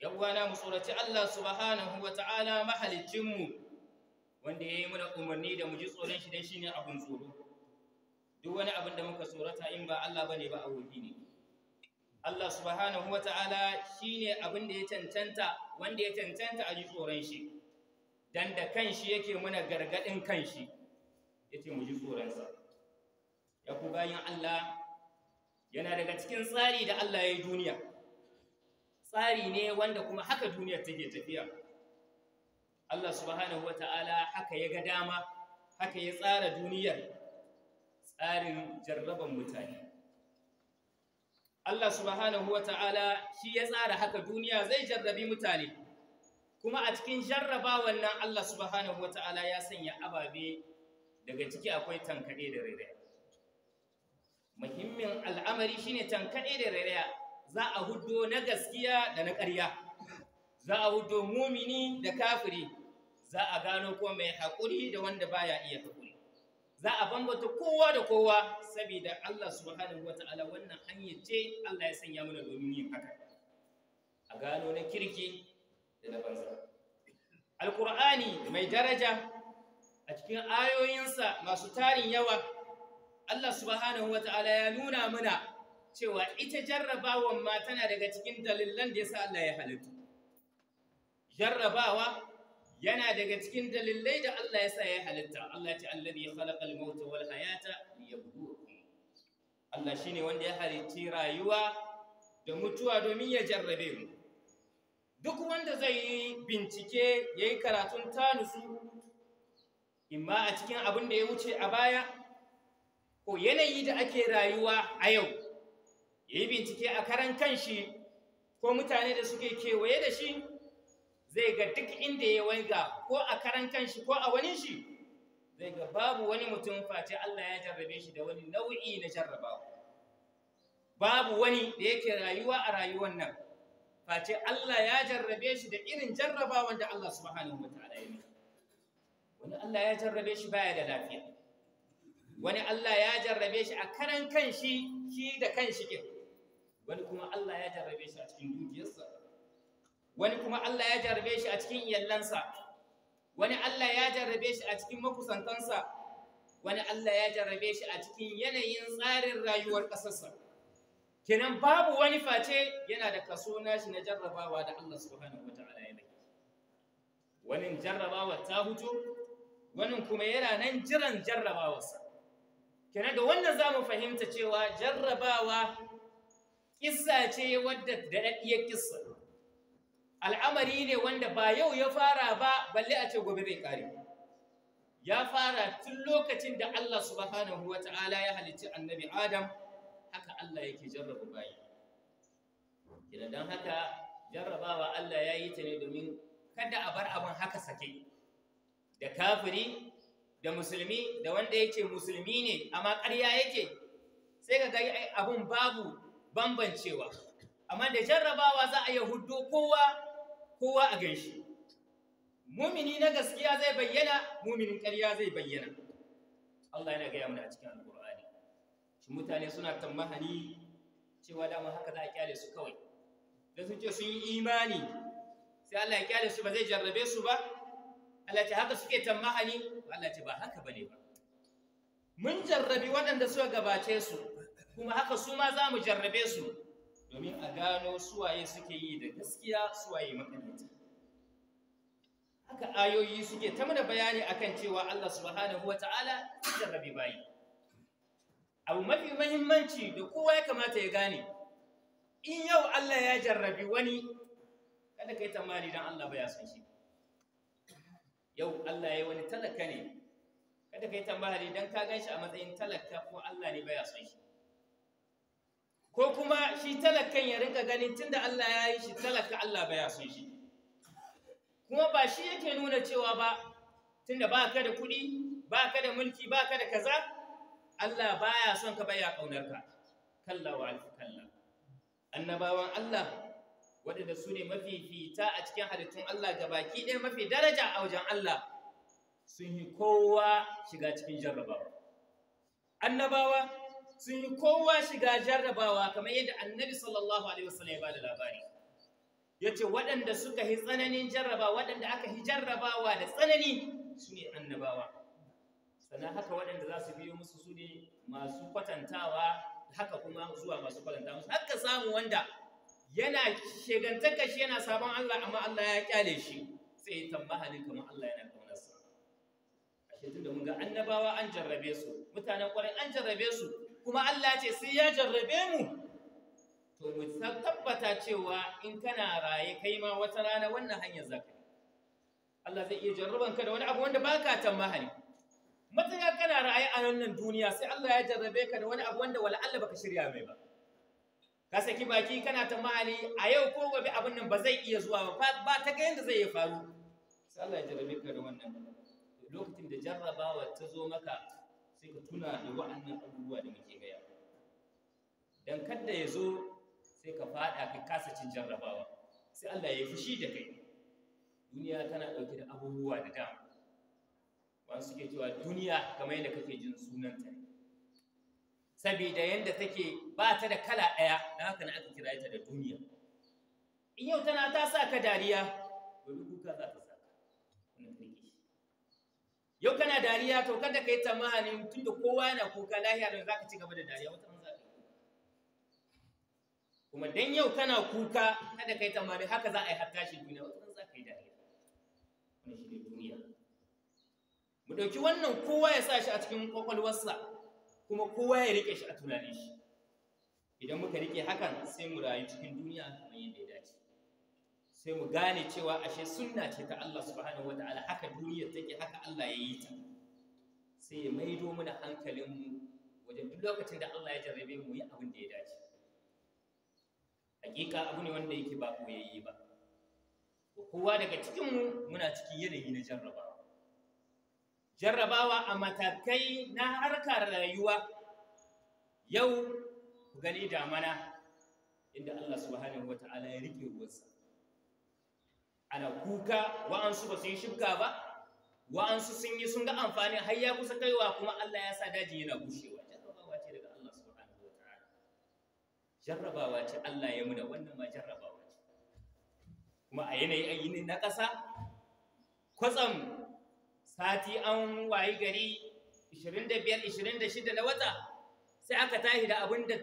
yawwana mu tsoraci Allah subhanahu wa ta'ala mahalicinmu wanda ya yi muna umarni da mu ji tsoron shi don shi ne abun tsoro duk wani abin da muka tsorata in ba Allah ba ne ba aboki ne Allah subhanahu wa ta'ala shi ne abin da ya cancanta wanda ya cancanta a ji tsoron shi dan da shi yake muna gargadin ya yace mu ji tsoron sa ya ku bayan Allah yana daga cikin tsari da Allah ya yi duniya tsari ne wanda kuma haka duniyar take tafiya Allah subhanahu wata'ala haka ya ga dama haka ya tsara duniyar tsarin jarraban mutane Allah subhanahu wata'ala shi ya tsara haka duniya zai jarrabi mutane kuma a cikin jarraba wannan Allah subhanahu wata'ala ya sanya ababe daga ciki akwai tankade da rairaya muhimmin al'amari shine tankade da rairaya za a hudo na gaskiya da na ƙarya za a hudo mumini da kafiri za a gano ko mai haƙuri da wanda baya iya haƙuri za a bambata kowa da kowa saboda Allah subhanahu wata'ala wannan hanyar ce Allah ya sanya mana domin yin haka a gano na kirki da na banza alkur'ani mai daraja a cikin ayoyinsa masu tarin yawa Allah subhanahu wata'ala ya nuna mana cewa ita jarrabawan ma tana daga cikin dalilan da yasa Allah ya halittu jarrabawa yana daga cikin dalilai da Allah yasa ya halitta Allah ce alladhi khalaqal mauta wal hayata liyabluwakum Allah shine wanda ya halicci rayuwa da mutuwa domin ya jarrabe mu duk wanda zai yi bincike yayi karatun tanusu imma a cikin abin da ya wuce a baya ko yanayi da ake rayuwa a yau ya yi bincike a karan kanshi ko mutane da suke kewaye da shi zai ga duk inda ya waiga ko a karan kanshi ko a wani shi zai ga babu wani mutum face Allah ya jarrabe shi da wani nau'i na jarrabawa babu wani da yake rayuwa a rayuwar nan face Allah ya jarrabe shi da irin jarrabawan da Allah subhanahu wataala ya yi wani Allah ya jarrabe shi baya da lafiya wani Allah ya jarrabe shi a karan kanshi shi da kanshi kin wani kuma Allah ya jarrabe shi a cikin dukiyarsa wani kuma Allah ya jarrabe shi a cikin iyallansa wani Allah ya jarrabe shi a cikin makusantansa wani Allah ya jarrabe shi a cikin yanayin tsarin rayuwar ƙasarsa kenan babu wani face yana da kaso nashi na jarrabawa da Allah subhanahu wataala ya wani jarrabawa ta huto wani kuma yana nan jiran jarrabawarsa kenan da wannan zamu fahimta cewa jarrabawa kissa ce wadda daɗaɗɗiyar kissa al'amari ne wanda ba yau ya fara ba balle a ce gobe bai kare ya fara tun lokacin da Allah subhanahu wa ta'ala ya halicci annabi Adam haka Allah yake jarraba bayi idan don haka jarrabawa Allah ya yi ta ne domin kada a bar abin haka sake da kafiri da musulmi da wanda yake musulmi ne amma ƙarya yake sai ka ga abin babu bambancewa amma da jarrabawa za a yi hudu kowa kowa a ganshi mumini na gaskiya zai bayyana muminin ƙarya zai bayyana Allah yana gaya mana a cikin alƙur'ani shi mutane suna ni cewa dama haka za a kyale su kawai da sun ce sun yi imani sai Allah ya kyale su ba zai jarrabe su ba Allah ce haka suke tammahani Allah ce ba haka ba ne ba mun jarrabi waɗanda suka gabace su kuma haka su ma za mu jarrabe su domin a gano suwaye suke yi da gaskiya suwaye makamata haka ayoyi suke ta mana bayani akan cewa Allah subhanahu wa ya jarrabe bayi abu mafi mahimmanci da kowa ya kamata ya gane in yau Allah ya jarrabi wani kada ka yi tamani don Allah ba ya san shi yau Allah ya yi wani talaka ne kada ka yi tambari don ka gan shi a matsayin talaka ko Allah ne baya son shi ko kuma shi talakan ya rinka ganin tunda Allah ya yi shi talaka Allah ba ya son shi kuma ba shi yake nuna cewa ba tunda ba ka da kuɗi ba ka da mulki ba ka da kaza Allah ba ya son ka ya kaunar ka kalla wa kalla annabawan Allah waɗanda su ne fita a cikin halittun Allah ga baki ɗaya mafi daraja a wajen Allah sun yi kowa shiga cikin jarrabawa annabawa sun yi kowa shiga jarrabawa kamar yadda annabi sallallahu alaihi wasallam ya bada labari yace waɗanda suka yi tsananin jarraba waɗanda aka yi jarrabawa da tsanani su ne annabawa sannan haka waɗanda za su biyo musu su ne masu kwatantawa haka kuma zuwa masu kwatanta musu haka samu wanda yana shegantaka shi yana sabon Allah amma Allah ya kyale shi sai ya ne kamar Allah yana kaunarsa a shi da mun ga annabawa an jarrabe su mutanen ƙwarin an jarrabe su kuma Allah ce sai ya jarrabe mu to mu tabbata cewa in kana raye kai ma wata rana wannan hanyar zaka Allah zai iya jarraban ka da wani abu wanda baka tambahari matuƙa kana raye a wannan duniya sai Allah ya jarrabe ka da wani abu wanda wala Allah baka shirya mai ba ka saki baki kana tambahari a yau ko gobe abin nan ba zai iya zuwa ba ba ta ga yanda zai ya faru sai Allah ya jarrabe ka da wannan lokacin da jarrabawa ta zo maka sai ka tuna da wa'annan abubuwa da muke don kada ya zo sai ka faɗa ka kasa cin jarrabawa sai Allah ya yi fushi da kai duniya tana ɗauke da abubuwa da dama wani suke cewa duniya kamar yadda kake jin sunan ta. saboda yadda take ba ta da kala ɗaya na haka na aka kira ta da duniya in yau tana ta sa ka dariya gobe kuka za ta sa ka wannan yau kana dariya to kada ka yi tamahanin tunda kowa yana kuka lahiya don za ka ci gaba da dariya wata kuma dan yau kana kuka kada kai ta mari haka za a yi hatta shi duniya wato za ka yi dariya wani shi duniya mu ɗauki wannan kowa ya sa shi a cikin kwakwalwarsa kuma kowa ya riƙe shi a tunanin shi idan muka riƙe hakan sai mu rayu cikin duniya kamar yadda ya dace sai mu gane cewa ashe sunna ce ta Allah subhanahu wataala haka duniya take haka Allah ya yi ta sai ya maido mana hankalinmu wajen duk lokacin da Allah ya jarrabe mu yi abin da ya dace hakika abu ne wanda yake ba koyayye ba kowa daga cikinmu muna cikin yanayi na jarrabawa jarrabawa a matakai na harkar rayuwa yau ku gani mana. inda Allah subhanahu wata'ala ya rike ruwansa ana kuka wa'ansu ba su yi ba wa'ansu sun yi sun ga amfani har ya kusa kaiwa kuma Allah ya sa daji yana bushewa jarrabawa ce Allah ya muna wannan ma jarrabawa ce kuma a yanayi a yini na ƙasa kwatsam sati an wayi gari 25-26 na wata sai aka tahi da abin da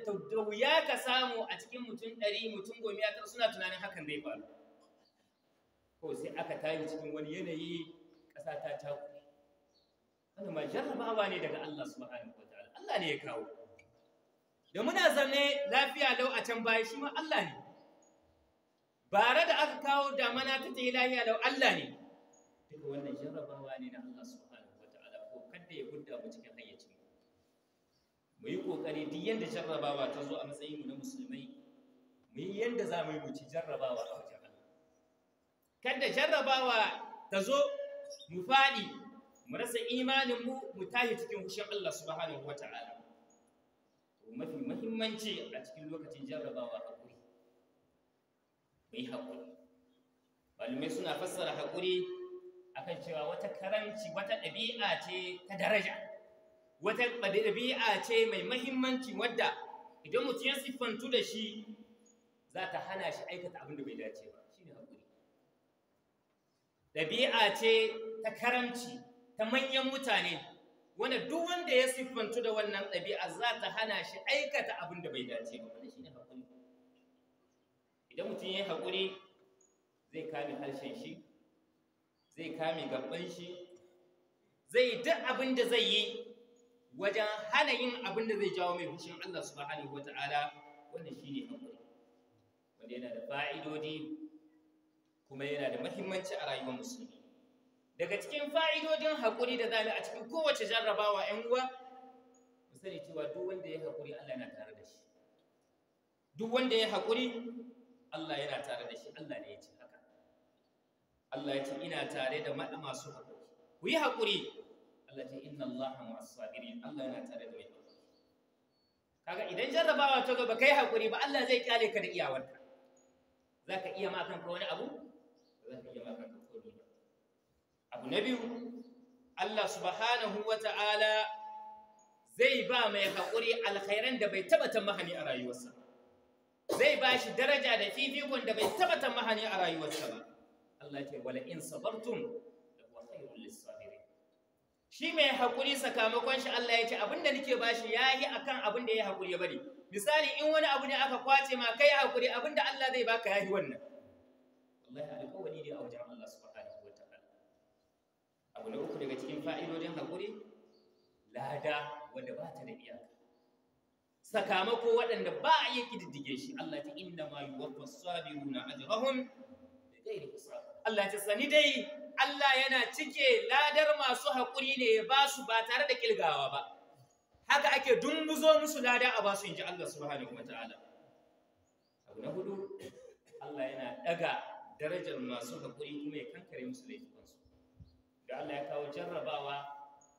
ya ka samu a cikin mutum ɗari, mutum gomi ya suna tunanin hakan zai faru ko sai aka tahi cikin wani yanayi ƙasa ta taku wannan ma jarrabawa ne daga Allah subhanahu wa ta'ala Allah ne ya kawo da muna zane lafiya lau a can baya shi ma Allah ne bare da aka kawo damana ta ta yi lafiya lau Allah ne duka wannan jarrabawa ne na Allah subhanahu wata'ala ko kadda ya gudda mu cikin hayyacin mu yi kokari duk yanda jarrabawa ta zo a matsayin mu na musulmai mu yi yanda za mu yi mu ci jarrabawa a wajen Allah kada jarrabawa ta zo mu faɗi mu rasa imaninmu mu tashi cikin hushin Allah subhanahu wata'ala mafi muhimmanci a cikin lokacin jarrabawa haƙuri mai haƙuri malamai suna fassara haƙuri akan cewa wata karanci wata ɗabi'a ce ta daraja wata ɗabi'a ce mai mahimmanci wadda idan mutum ya siffantu da shi za ta hana shi aikata abin da bai dace ba shi ne haƙuri ɗabi'a ce ta karanci ta manyan mutane wanda duk wanda ya siffantu da wannan ɗabi'a za ta hana shi aikata abin da bai dace ba shi ne idan mutum ya yi hakuri, zai kame harshen shi zai kame gaban shi zai duk abin da zai yi wajen hana yin abin da zai jawo mai fushin Allah subhanahu wa ta'ala wannan shi ne haƙuri wanda yana da fa'idodi kuma yana da mahimmanci a rayuwar musulmi daga cikin fa'idodin haƙuri da zami a cikin kowace jarrabawa ‘yan uwa mu sani cewa duk wanda ya haƙuri Allah yana tare da shi duk wanda ya haƙuri Allah yana tare da shi Allah ne ya ce haka Allah ya ce ina tare da masu haƙuri ku yi haƙuri Allah ce inna Allah masu sabirin Allah yana tare da mai haƙuri kaga idan jarrabawa ta gaba kai haƙuri ba Allah zai kyale ka da iyawarka ka iya ma ka wani abu zaka iya ma na biyu Allah subhanahu wa ta'ala zai ba mai haƙuri alkhairan da bai taɓa mahani a rayuwarsa zai ba shi daraja da fifikon da bai taɓa mahani a rayuwarsa ba Allah ke wala in sabartum da kuwa khairul lisabirin shi mai haƙuri sakamakon shi Allah ya ce abinda nake bashi yayi akan abinda ya yi haƙuri ya bari misali in wani abu ne aka kwace ma kai haƙuri abinda Allah zai baka yayi wannan wallahi abu na uku daga cikin fa'idodin haƙuri lada wanda ba ta da iyaka sakamako waɗanda ba a yi ƙididdige shi Allah ta inda ma yi sabi runa a jirahun da kusa Allah ta sani dai Allah yana cike ladar masu haƙuri ne ya ba su ba tare da ƙilgawa ba haka ake dumbuzo musu lada a basu su inji Allah subhanahu kuma ta'ala abu na hudu Allah yana ɗaga darajar masu haƙuri kuma ya kankare musu laifukansu da Allah ya kawo jarrabawa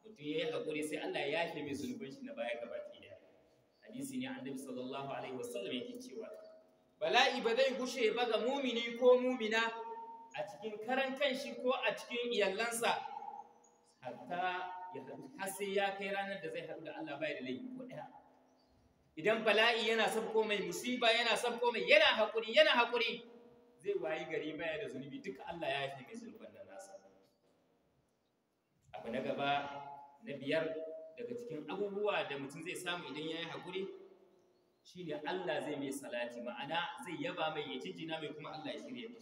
mutum ya yi haƙuri sai Allah ya yafe mai zunubin shi na baya gabaki daya hadisi ne dabi sallallahu alaihi wasallam yake cewa bala'i ba zai gushe ba ga mumini ko mumina a cikin karan kanshi ko a cikin iyalansa hatta ya har sai ya kai ranar da zai haɗu da Allah bai da laifi ko ɗaya idan bala'i yana ko mai musiba yana ko mai yana haƙuri yana haƙuri zai wayi gari baya da zunubi duka Allah ya yafe mai zunuban abu na gaba na biyar daga cikin abubuwa da mutum zai samu idan ya yi haƙuri shi ne Allah zai mai salati ma'ana zai yaba mai ya jina mai kuma Allah ya shirya da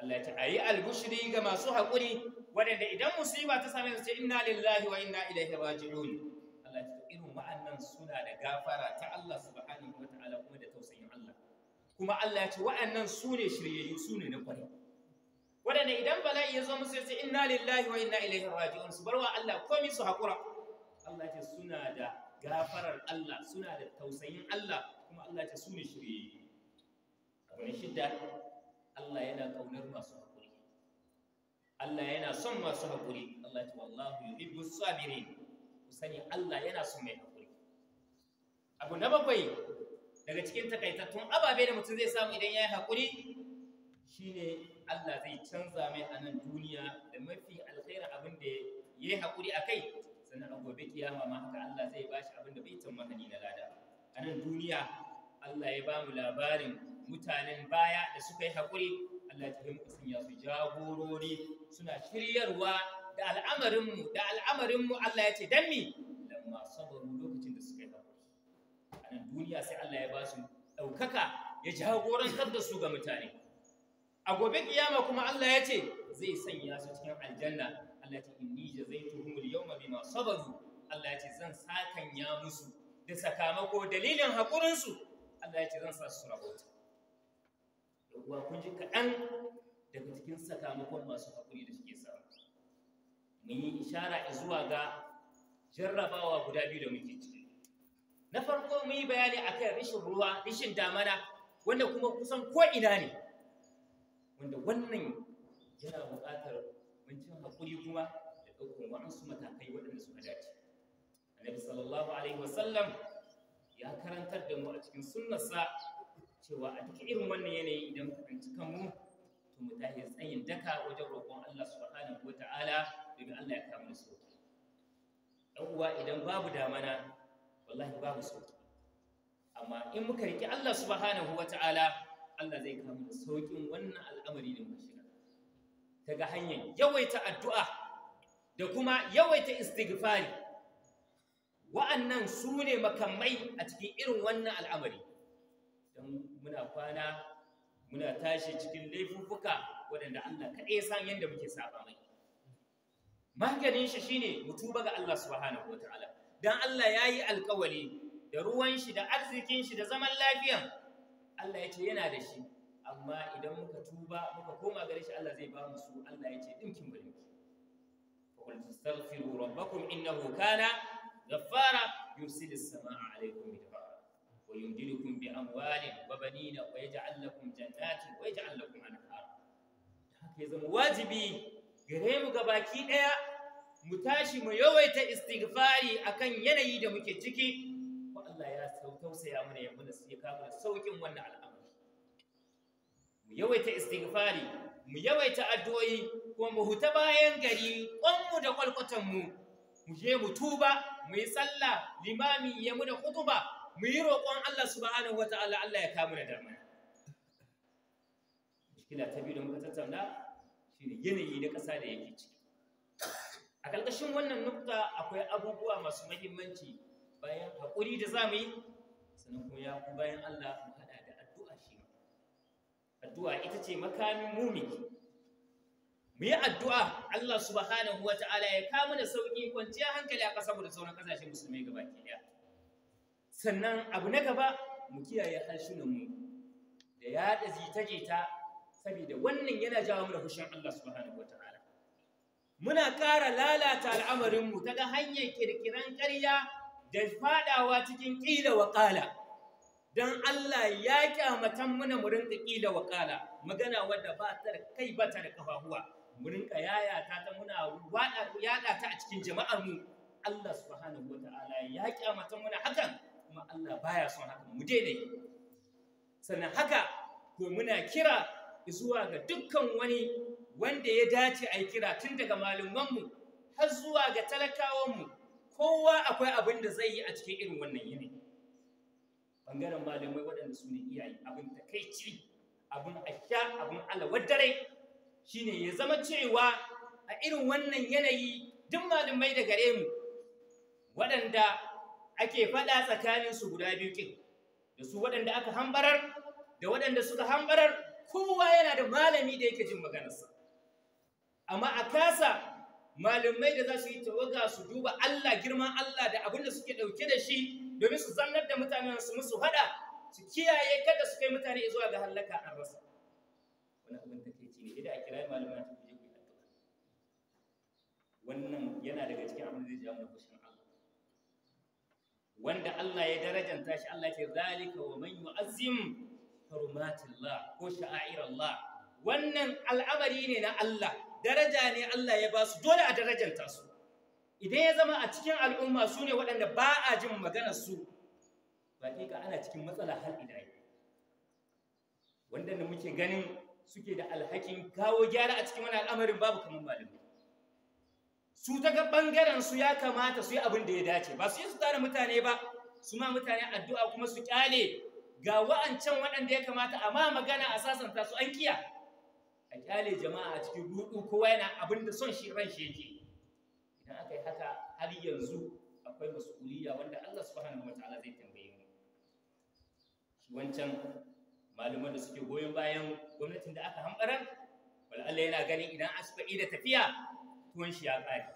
Allah ya ce a yi albushiri ga masu haƙuri waɗanda idan musulma ta sami su ce inna lillahi wa inna ilaihi raji'un Allah ya ce irin wa'annan suna da gafara ta Allah subhanahu wa ta'ala kuma da tausayin Allah kuma Allah ya ce wa'annan su ne shiryayyu su ne na kwarai waɗanda idan bala'i ya zo musu ya ce inna lillahi wa inna ilaihi raji'un su barwa Allah komai su haƙura Allah ce suna da gafarar Allah suna da tausayin Allah kuma Allah ce su ne shirye abu ne shidda Allah yana kaunar masu haƙuri Allah yana son masu haƙuri Allah ce wallahu yuhibbu sabirin ku sani Allah yana son mai haƙuri abu na bakwai daga cikin takaitattun ababe da mutum zai samu idan ya yi haƙuri shine Allah zai canza mai a nan duniya da mafi alkhairin abin da ya yi haƙuri a kai sannan a gobe kiyama ma haka Allah zai ba shi abin da bai can ni na lada a nan duniya Allah ya ba mu labarin mutanen baya da suka yi hakuri. Allah ya muku sanya su jagorori suna shiryarwa da al'amarinmu da al'amarinmu Allah ya ce dan mi lamma sabaru lokacin da suka yi haƙuri a nan duniya sai Allah ya ba su ɗaukaka ya jagorantar da su ga mutane a gobe kiyama kuma Allah ya ce zai sanya su cikin aljanna Allah ya ce inni jazaituhumul yawma bima sabaru Allah ya ce zan sakanya musu da sakamako dalilin hakurin su Allah ya ce zan sa su rabota yawwa kun ji kaɗan daga cikin sakamakon masu hakuri da suke sa mun yi ishara zuwa ga jarrabawa guda biyu da muke ciki na farko mun yi bayani akan rishin ruwa rishin damana wanda kuma kusan ko ina ne wanda wannan yana buƙatar mancin haƙuri kuma da ɗaukar waɗansu matakai waɗanda suka dace annabi sallallahu alaihi wasallam ya karantar da mu a cikin sunnarsa cewa a cikin irin wannan yanayi idan ka kanci kanmu to mu tahi tsayin daka wajen roƙon Allah subhanahu wataala domin Allah ya kama su ɗan uwa idan babu damana wallahi babu sauki amma in muka riƙi Allah subhanahu ta'ala. Allah zai kama da sauƙin wannan al'amari da muka shiga ta ga hanyar yawaita addu'a da kuma yawaita istighfari wa'annan su ne makamai a cikin irin wannan al'amari don muna kwana muna tashi cikin laifuffuka waɗanda Allah kaɗai ya san yadda muke saba mai maganin shi shine mutuba ga Allah subhanahu Ta'ala. dan Allah yayi alƙawari da ruwan shi da arzikin shi da zaman lafiyan Allah ya ce yana da shi amma idan muka tuba muka koma gare shi Allah zai ba mu su Allah ya ce dinkin bari fa qul tastaghfiru rabbakum innahu kana ghaffara yursilu as-samaa'a 'alaykum midrara wa yumdidukum bi amwalin wa banina wa yaj'al lakum jannatin wa yaj'al lakum anhara haka ya zama wajibi gare mu gabaki daya mu tashi mu yawaita istighfari akan yanayi da muke ciki tausaya mana ya mana ya kawo mana saukin wannan al'amari mu yawaita istighfari mu yawaita addu'o'i kuma mu huta bayan gari kwanmu da kwalkwatan mu mu je mu tuba mu yi sallah limami ya mu da kutuba mu yi roƙon Allah subhanahu wataala Allah ya kawo mana damana mushkila ta biyu da muka tattauna shine yanayi na ƙasa da yake ciki a ƙarƙashin wannan nukta akwai abubuwa masu mahimmanci bayan haƙuri da za mu yi sannan kuma ya ku bayan Allah mu haɗa da addu'a shi addu'a ita ce makamin mumi mu yi addu'a Allah subhanahu wa ta'ala ya kama da sauƙi kwanciya hankali a ƙasa da sauran ƙasashen musulmi gaba ke ɗaya sannan abu na gaba mu kiyaye mu da yaɗa jita-jita saboda wannan yana jawo mu da Allah subhanahu wa ta'ala muna ƙara lalata al'amarinmu ta ga hanyar kirkiran ƙarya da faɗawa cikin ƙila wa ƙala don Allah ya kyamatan muna mu da ƙila wa ƙala magana wadda ba ta da kai ba ta da ƙafahuwa, mu rinka yaya ta ta muna yaɗa ta a cikin jama'ar mu Allah subhanahu wa ta'ala ya kyamatan muna hakan kuma Allah baya son hakan mu daina yi sannan haka to muna kira zuwa ga dukkan wani wanda ya dace a yi kira tun daga malumanmu har zuwa ga talakawanmu kowa akwai abin da zai yi a cikin irin wannan yini bangaren malamai waɗanda su ne iyaye abin takaici abin asha abin alawar dare shine ya zama cewa a irin wannan yanayi duk malamai da gare mu waɗanda ake faɗa tsakanin su guda biyu kin da su waɗanda aka hambarar da waɗanda suka hambarar kowa yana da malami da yake jin maganarsa amma a kasa malamai da za su yi tawaga su duba Allah girman Allah da abin da suke ɗauke da shi domin su zannar da mutanen su musu haɗa, su kiyaye kada su kai mutane zuwa ga hallaka an rasa wani abin da ke ci ne idan a kira malamai ta kuje ku addu'a wannan yana daga cikin abin da zai jawo fushin Allah wanda Allah ya darajanta shi Allah ya ce zalika wa man yu'azzim hurumatillah ko sha'airallah wannan al'amari ne na Allah daraja ne Allah ya ba su dole a darajanta su idan ya zama a cikin al'umma su ne waɗanda ba a jin maganar su ka ana cikin matsala har ina yi wanda muke ganin suke da alhakin kawo gyara a cikin wani al'amarin babu kamar malamai su ta ga ɓangaren su ya kamata su yi abin da ya dace ba su yi su tsara mutane ba su ma mutane addu'a kuma su kyale ga wa'ancan waɗanda ya kamata amma magana a sasanta su an kiya a kyale jama'a a cikin rudu kowa yana abin da son shi ran shi yake idan aka yi haka har yanzu akwai mas'uliyya wanda Allah subhanahu wataala zai tambaye mu shi wancan malaman da suke goyon bayan gwamnatin da aka hambarar wal Allah yana gani idan asfa'i da tafiya tuwon shi ya kare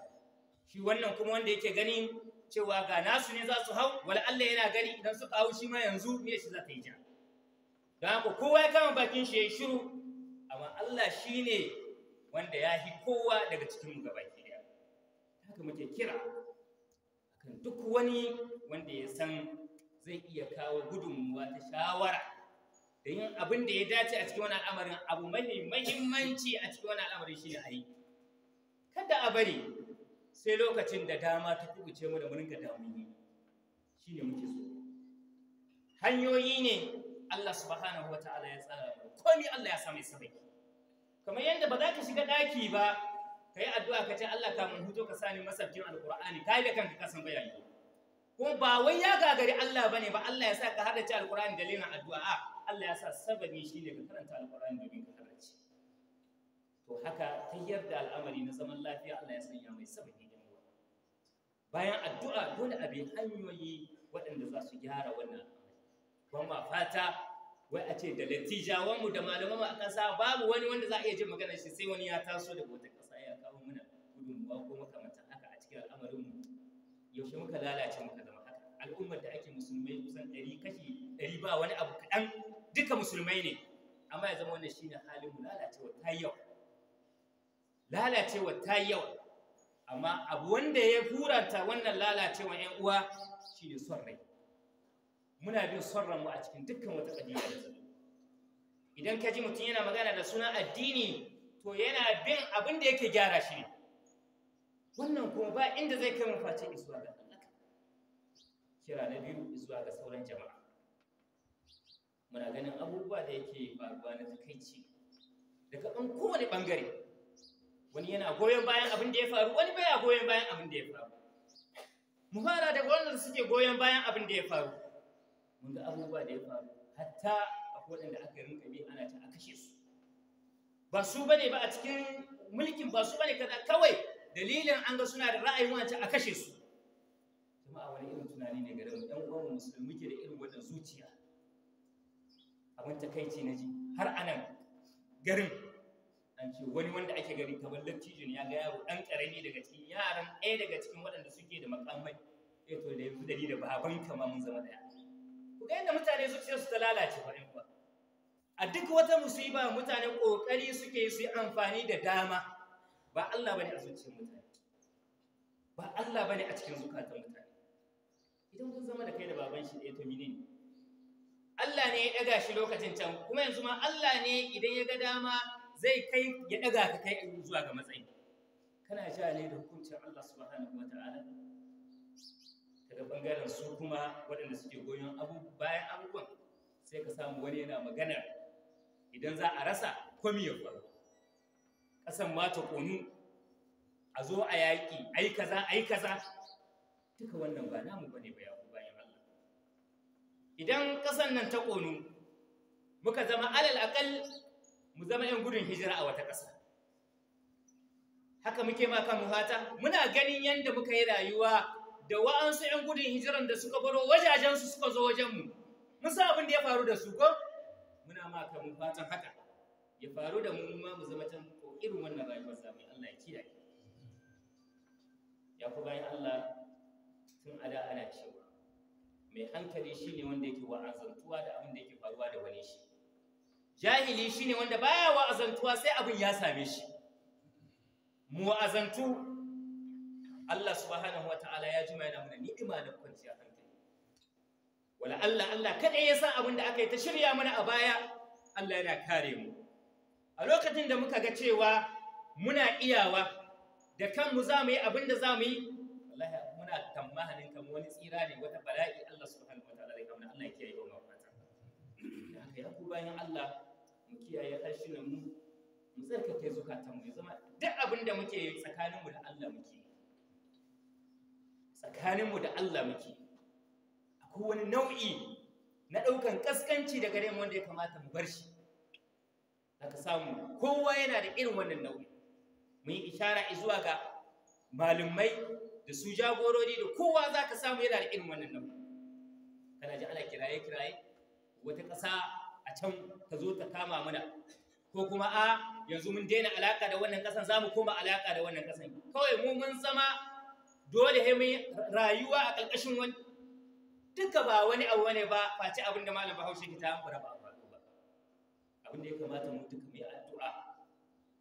shi wannan kuma wanda yake ganin cewa ga nasu ne za su hau wal Allah yana gani idan suka hau shi ma yanzu me shi za ta yi ja dan haka kowa ya kama bakin shi ya shiru amma Allah shi ne wanda ya hi kowa daga cikinmu gaba ɗaya haka muke kira kan duk wani wanda ya san zai iya kawo gudunmuwa ta shawara da yin abin da ya dace a cikin wani al'amarin abu mai mahimmanci a cikin wani al'amarin shi ne a kada a bari sai lokacin da dama ta kubuce mu da mu rinka damu shi ne muke so hanyoyi ne Allah subhanahu wa ta'ala ya tsara komi Allah ya sami sabai kamar yadda ba za ka shiga ɗaki ba ka yi addu'a ka ce Allah kamun hutu ka sani masabcin alƙur'ani ka yi da kanka kasan bayani kuma ba wai ya gagari Allah ba ne ba Allah ya sa ka haddace alƙur'ani dalilin addu'a Allah ya sa sababi shi ne ka karanta alƙur'ani domin ka haddace to haka ta yarda al'amari na zaman lafiya Allah ya sanya mai sababi da yawa bayan addu'a dole a bi hanyoyi waɗanda za su gyara wannan al'amari fata wai a ce da dattijawanmu da malamanmu a ƙasa babu wani wanda za a iya jin magana shi sai wani ya taso daga wata ƙasa ya kawo muna gudunmuwa ko makamata haka a cikin al'amarinmu yaushe muka lalace muka zama haka al'ummar da ake musulmai kusan ɗari kashi ɗari ba wani abu kaɗan duka musulmai ne amma ya zama wannan shine halinmu lalacewa ta yawa lalacewa ta yawa amma abu wanda ya furanta wannan lalacewa 'yan uwa shine son rai muna bin son ranmu a cikin dukkan wata ƙadiyya idan ka ji mutum yana magana da suna addini to yana bin abin da yake gyara shi ne wannan kuma ba inda zai kai mafacin da ga kira na biyu isuwa ga sauran jama'a muna ganin abubuwa da yake faruwa na takaici daga ɗan kowane ɓangare wani yana goyon bayan abin da ya faru wani baya goyon bayan abin da ya faru mu fara da wanda suke goyon bayan abin da ya faru mun ga abubuwa da ya faru hatta akwai waɗanda aka yi rinka bi ana ta a kashe su ba su ba ne ba a cikin mulkin ba su bane kaza kawai dalilin an ga suna da ra'ayin wancan a kashe su kuma a wani irin tunani ne gare mu ɗan uwan musulmi muke da irin wannan zuciya abin takaici na ji har anan garin an ce wani wanda ake gari kamar lantijin ya ga yaro ɗan ƙarami daga cikin yaran ɗaya daga cikin waɗanda suke da makamai ya eh to da yanzu da ni da baban kama mun zama ɗaya ku ga yadda mutane su ta lalace ba a duk wata musiba mutane ƙoƙari suke su yi amfani da dama ba Allah ba ne a zuciyar mutane ba Allah ba ne a cikin zukatan mutane idan kun zama da kai da baban shi ɗaya eh to ne. Allah ne ya ɗaga shi lokacin can kuma yanzu ma Allah ne idan ya ga dama zai kai ya ɗaga ka kai zuwa ga matsayi kana ja ne da hukuncin Allah subhanahu ta'ala daga bangaren su kuma waɗanda suke goyon abu bayan abubuwan sai ka samu wani yana maganar idan za a rasa komi ya faru ƙasan ma ta ƙonu a zo a yaƙi ai kaza ai kaza duka wannan ba namu bane ba yaku bayan Allah idan ƙasan nan ta ƙonu muka zama alal akal mu zama 'yan gudun hijira a wata ƙasa haka muke ma kan mu fata muna ganin yadda muka yi rayuwa da wa'ansu 'yan gudun hijiran da suka baro wajajensu suka zo wajenmu mun san abin da ya faru da su ko muna ma mun fatan haka ya faru da mu ma mu zama can ko irin wannan rayuwar zamu Allah ya kiyaye ya ku bayan Allah tun ada ana cewa mai hankali shine wanda yake wa'azantuwa da abin da yake faruwa da wani shi jahili shine wanda baya wa'azantuwa sai abin ya same shi Mu wa'azantu. Allah subhanahu ta'ala ya jima yana mana ni'ima na kwanciya hankali wala Allah Allah kada ya sa abin da aka yi ta shirya mana a baya Allah yana kare mu a lokacin da muka ga cewa muna iyawa da kanmu za mu yi abin da za mu yi wallahi muna tamahanin kan wani tsira ne wata bala'i Allah subhanahu wataala zai kawo Allah ya kiyaye wa mafata Ya haka ya ku bayan Allah mu kiyaye harshen mu mu tsarkake zukatan mu zama duk abinda muke muke tsakanin mu da Allah muke tsakaninmu da Allah muke akwai wani nau'i na ɗaukan ƙasƙanci daga rai wanda ya kamata mu bar shi daga samu kowa yana da irin wannan nau'i mun yi ishara zuwa ga malumai da su jagorori da kowa za ka samu yana da irin wannan nau'i kana ji ana kiraye-kiraye wata ƙasa a can ka zo ta kama mana ko kuma a yanzu mun daina alaƙa da wannan ƙasan za mu koma alaƙa da wannan ƙasan kawai mu mun zama dole sai mai rayuwa a ƙarƙashin wani duka ba wani abu ne ba face abin da malam bahaushe ke ta hankura ba ba. abin da ya kamata mu duka mai addu'a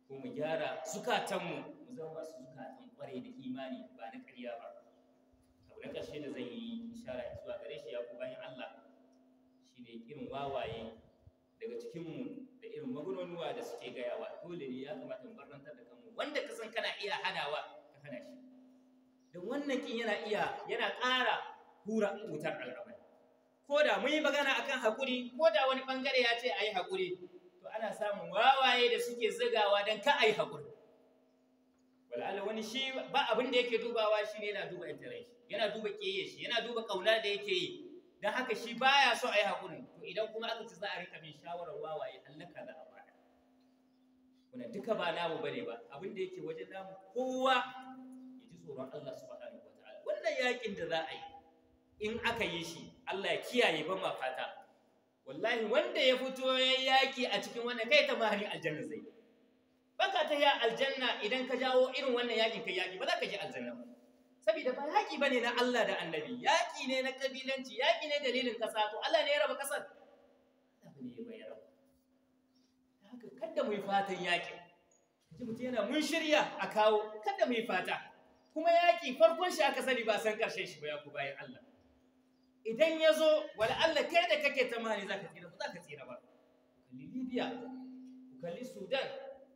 ko mu gyara zukatan mu zama masu zukatan kware da imani ba na ƙarya ba abu na ƙarshe da zan yi ishara zuwa gare shi ya ku bayan Allah shine irin wawaye daga cikin mu da irin magunonuwa da suke gayawa dole ne ya kamata mu barantar da kanmu wanda ka san kana iya hadawa ka hana shi don wannan kin yana iya yana ƙara hura wutar al'amari ko da mun yi magana kan haƙuri ko da wani ɓangare ya ce a yi haƙuri to ana samun wawaye da suke zigawa don ka a yi haƙuri wani shi ba abin da yake dubawa shi ne yana duba intanet yana duba ƙeye shi yana duba ƙauna da yake yi don haka shi baya so a yi haƙuri to idan kuma aka ci za a rika min shawarar wawaye hallaka za a bada wannan duka ba namu bane ba abin da yake wajen namu kowa tsoron Allah subhanahu wataala wannan yakin da za a yi in aka yi shi Allah ya kiyaye ba ma fata wallahi wanda ya fito ya yaki a cikin wannan kai ta mahari aljanna zai baka ta ya aljanna idan ka jawo irin wannan yakin kai yaki ba za ka je aljanna ba saboda ba yaki bane na Allah da annabi yaki ne na kabilanci yaki ne dalilin kasa to Allah ne ya raba kasar Allah ne ya raba haka kada mu yi fatan yakin ji mutum yana mun shirya a kawo kada mu yi fata kuma yaƙi farkon shi aka sani ba san ƙarshen shi ba ya ku bayan Allah idan ya zo wala Allah kai da kake ta tamani za ka tsira ba za ka tsira ba kalli Libya ku kalli Sudan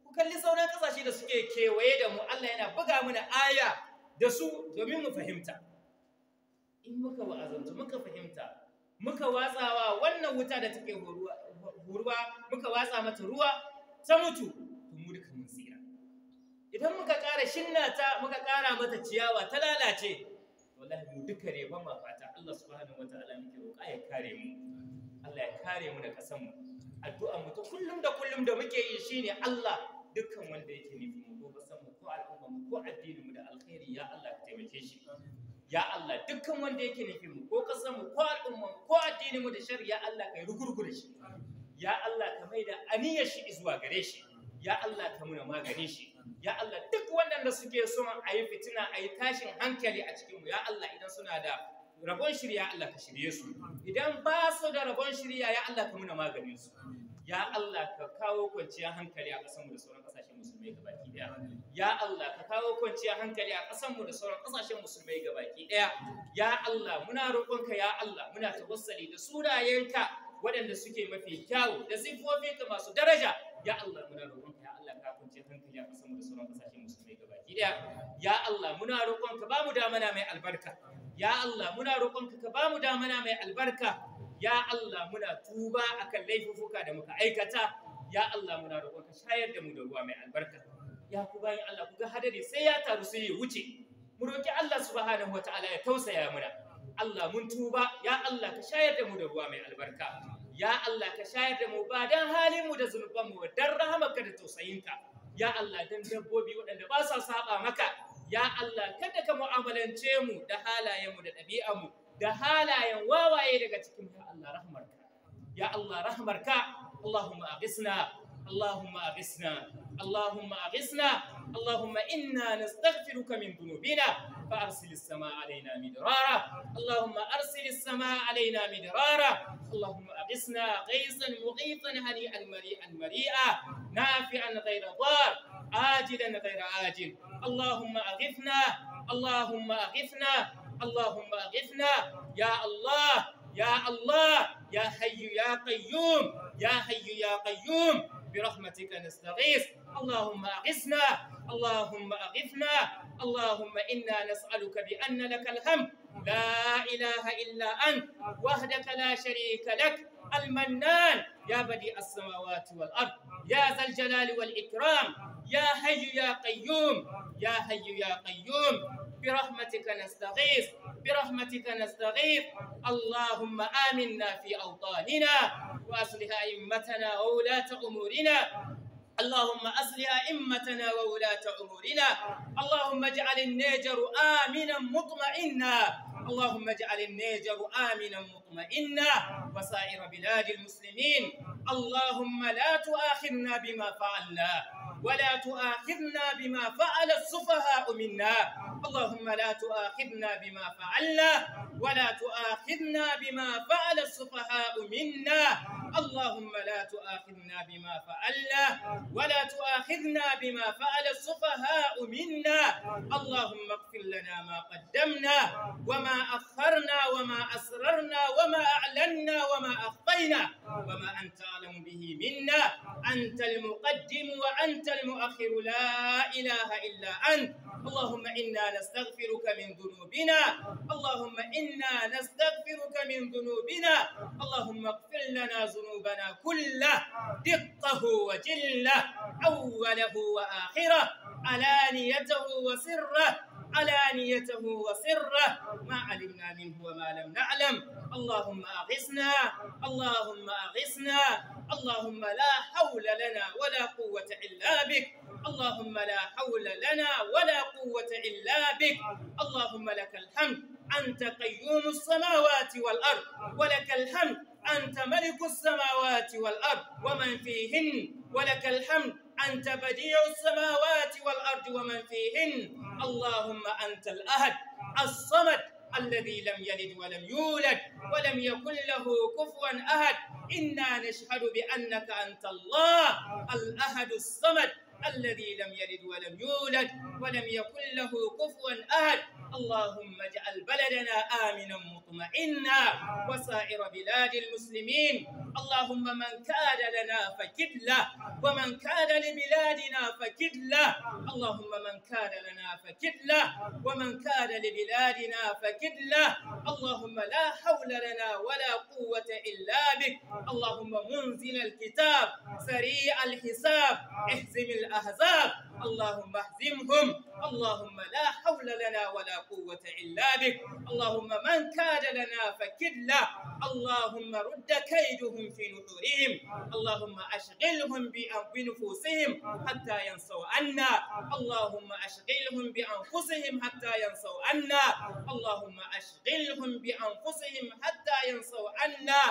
ku kalli sauran kasashe da suke kewaye da mu Allah yana buga mana aya da su domin mu fahimta in muka wa'azantu muka fahimta muka watsawa wannan wuta da take horuwa muka watsa mata ruwa ta mutu idan muka ƙara shinna ta muka ƙara mata ciyawa ta lalace wallahi mu duka ne ban mafata Allah subhanahu wataala muke roƙa ya kare mu Allah ya kare mu da kasan mu addu'an mu ta kullum da kullum da muke yi shine Allah dukkan wanda yake nufi mu ko kasan mu ko al'umma mu ko addinin mu da alkhairi ya Allah ka taimake shi ya Allah dukkan wanda yake nufi mu ko kasan mu ko al'umma mu ko addinin mu da shari'a ya Allah kai rugurgure shi ya Allah ka maida aniyar shi zuwa gare shi ya Allah ka muna maganin shi ya Allah duk waɗanda suke son a yi fitina a yi tashin hankali a cikinmu ya Allah idan suna da rabon shirya Allah ka shirye su idan ba su da rabon shirya ya Allah ka muna maganin su ya Allah ka kawo kwanciyar hankali a kasanmu da sauran ƙasashen musulmai ga baki ɗaya ya Allah ka kawo kwanciyar hankali a kasanmu da sauran ƙasashen musulmai ga baki ɗaya ya Allah muna roƙonka ya Allah muna tawassali da sunayenka waɗanda suke mafi kyawu da siffofinka masu daraja ya Allah muna roƙonka musulmi a da sauran kasashen musulmai gabaki daya ya Allah muna ka ba mu damana mai albarka ya Allah muna roƙon ka ba mu damana mai albarka ya Allah muna tuba akan laifuka da muka aikata ya Allah muna ka shayar da mu da ruwa mai albarka ya ku bayin Allah ku ga hadari sai ya taru sai ya wuce mu roƙi Allah subhanahu wataala ya tausaya muna Allah mun tuba ya Allah ka shayar da mu da ruwa mai albarka ya Allah ka shayar da mu ba dan halin mu da zunubanmu ba dan rahamarka da tausayinka ya Allah dan dabbobi waɗanda ba sa saba maka ya Allah kada ka mu'amalance mu da halayenmu da mu da halayen wawaye daga cikin ya Allah rahmarka ya Allah rahmarka Allahumma na اللهم أغثنا اللهم أغثنا Fa إنا sama alaina ذنوبنا dirara. السماء علينا sama alaina أرسل dirara. علينا مدرارا اللهم أغثنا غيثا مغيثا هنيئا almari, مريئا نافعا غير ضار عاجلا غير آجل اللهم أغثنا اللهم أغثنا اللهم أغثنا يا الله يا الله يا حي يا قيوم يا حي يا قيوم برحمتك نستغيث اللهم أغثنا اللهم أغثنا اللهم إنا نسألك بأن لك الحمد لا إله إلا أنت وحدك لا شريك لك المنان يا بديع السماوات والأرض يا ذا الجلال والإكرام يا حي يا قيوم يا حي يا قيوم برحمتك نستغيث برحمتك نستغيث اللهم آمنا في أوطاننا وأصلح أئمتنا وولاة أمورنا اللهم أصلح أئمتنا وولاة أمورنا اللهم اجعل النيجر آمنا مطمئنا اللهم اجعل النيجر آمنا مطمئنا وسائر بلاد المسلمين اللهم لا تؤاخذنا بما فعلنا ولا تؤاخذنا بما فعل السفهاء منا اللهم لا تؤاخذنا بما فعلنا ولا تؤاخذنا بما فعل السفهاء منا اللهم لا تؤاخذنا بما فعلنا ولا تؤاخذنا بما فعل السفهاء منا اللهم اغفر لنا ما قدمنا وما أخرنا وما أسررنا وما أعلنا وما أخفينا وما أنت أعلم به منا أنت المقدم وأنت المؤخر لا إله إلا أنت اللهم إنا نستغفرك من ذنوبنا اللهم إنا نستغفرك من ذنوبنا اللهم اغفر لنا ذنوبنا كله دقه وجله أوله وآخره علانيته وسره علانيته وسره ما علمنا منه وما لم نعلم اللهم أغثنا اللهم أغثنا اللهم لا حول لنا ولا قوة إلا بك اللهم لا حول لنا ولا قوة إلا بك اللهم لك الحمد أنت قيوم السماوات والأرض ولك الحمد أنت ملك السماوات والأرض ومن فيهن ولك الحمد أنت بديع السماوات والأرض ومن فيهن اللهم أنت الأهد الصمد الذي لم يلد ولم يولد ولم يكن له كفوا أحد إنا نشهد بأنك أنت الله الأهد الصمد الذي لم يلد ولم يولد ولم يكن له كفوا أحد اللهم اجعل بلدنا آمنا مطمئنا وسائر بلاد المسلمين اللهم من كاد لنا فكد له ومن كاد لبلادنا فكد له اللهم من كاد لنا فكد له ومن كاد لبلادنا فكد له اللهم لا حول لنا ولا قوة إلا بك اللهم منزل الكتاب سريع الحساب احزم الأحزاب اللهم اهزمهم اللهم لا حول لنا ولا قوة إلا بك اللهم من كاد لنا فكد اللهم رد كيدهم في نحورهم اللهم أشغلهم بنفوسهم حتى ينسوا عنا اللهم أشغلهم بأنفسهم حتى ينسوا عنا اللهم أشغلهم بأنفسهم حتى ينسوا عنا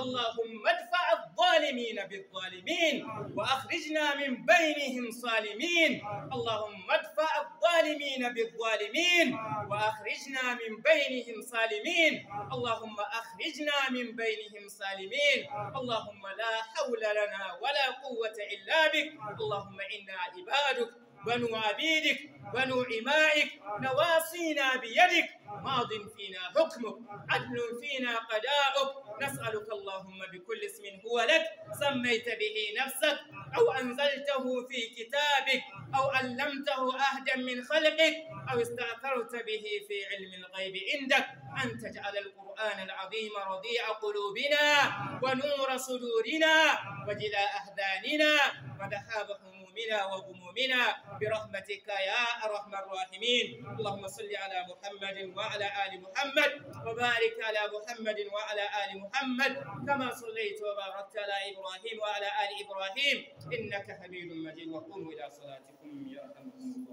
اللهم ادفع الظالمين بالظالمين وأخرجنا من بينهم صالمين الظالمين اللهم ادفع الظالمين بالظالمين واخرجنا من بينهم صالمين اللهم اخرجنا من بينهم صالمين اللهم لا حول لنا ولا قوه الا بك اللهم انا عبادك بنو عبيدك بنو إمائك نواصينا بيدك ماض فينا حكمك عدل فينا قداؤك نسألك اللهم بكل اسم هو لك سميت به نفسك أو أنزلته في كتابك أو علمته أهدا من خلقك أو استأثرت به في علم الغيب عندك أن تجعل القرآن العظيم رضيع قلوبنا ونور صدورنا وجلاء أهداننا وذهابهم همومنا وغمومنا برحمتك يا أرحم الراحمين اللهم صل على محمد وعلى آل محمد وبارك على محمد وعلى آل محمد كما صليت وباركت على إبراهيم وعلى آل إبراهيم إنك حميد مجيد وقوموا إلى صلاتكم يا ارحم الراحمين